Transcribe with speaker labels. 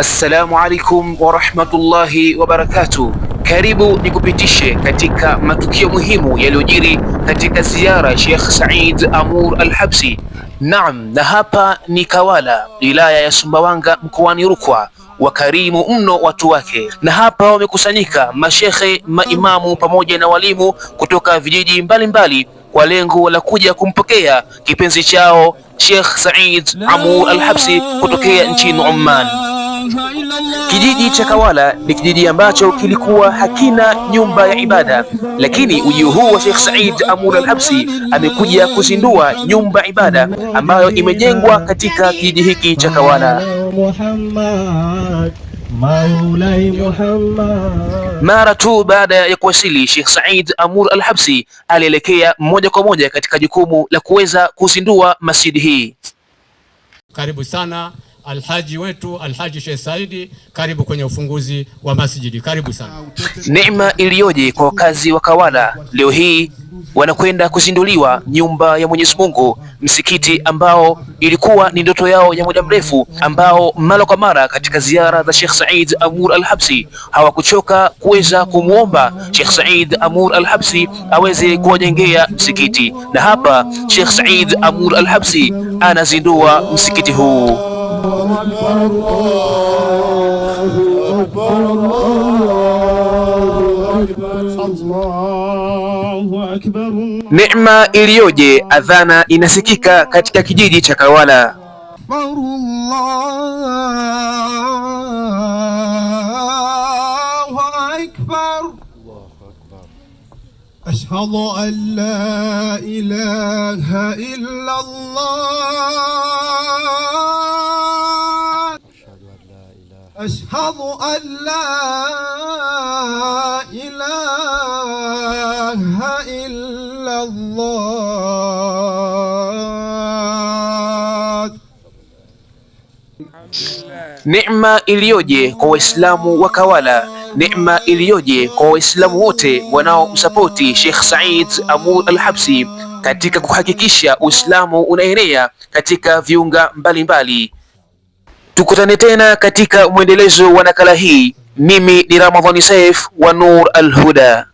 Speaker 1: Assalamu alaikum warahmatullahi wabarakatuh. Karibu nikupitishe katika matukio muhimu yaliyojiri katika ziara Sheikh Said Amur Al-Habsi. Naam, na hapa ni Kawala, wilaya ya Sumbawanga, mkoani Rukwa. Wakarimu mno watu wake, na hapa wamekusanyika mashekhe, maimamu pamoja na walimu kutoka vijiji mbalimbali mbali, kwa lengo la kuja kumpokea kipenzi chao Sheikh Said Amur Al-Habsi kutokea nchini Oman. Kijiji cha Kawala ni kijiji ambacho kilikuwa hakina nyumba ya ibada, lakini ujio huu wa Sheikh Said Amur Al-Habsi amekuja kuzindua nyumba ibada ambayo imejengwa katika kijiji hiki cha Kawala. Mara tu baada ya kuwasili, Sheikh Said Amur Al-Habsi alielekea moja kwa moja katika jukumu la kuweza kuzindua masjidi hii.
Speaker 2: Karibu sana. Alhaji wetu Alhaji Sheikh Saidi, karibu kwenye ufunguzi wa masjidi, karibu sana.
Speaker 1: Neema iliyoje kwa wakazi wa Kawala, leo hii wanakwenda kuzinduliwa nyumba ya Mwenyezi Mungu, msikiti ambao ilikuwa ni ndoto yao ya muda mrefu, ambao mara kwa mara katika ziara za Sheikh Said Amur Al-Habsi hawakuchoka kuweza kumwomba Sheikh Said Amur Al-Habsi aweze kuwajengea msikiti, na hapa Sheikh Said Amur Al-Habsi anazindua msikiti huu. أكبر الله أكبر الله أكبر الله أكبر neema iliyoje! Adhana inasikika katika kijiji cha Kawala. Ashhadu an la ilaha illa Allah ashhadu an la ilaha illa Allah. Neema iliyoje kwa Waislamu wa Kawala, neema iliyoje kwa Waislamu wote wanaomsapoti Sheikh Said Abu al-Habsi katika kuhakikisha Uislamu unaenea katika viunga mbalimbali mbali. Tukutane tena katika mwendelezo wa nakala hii. Mimi ni Ramadhani Saif wa Nur Al Huda.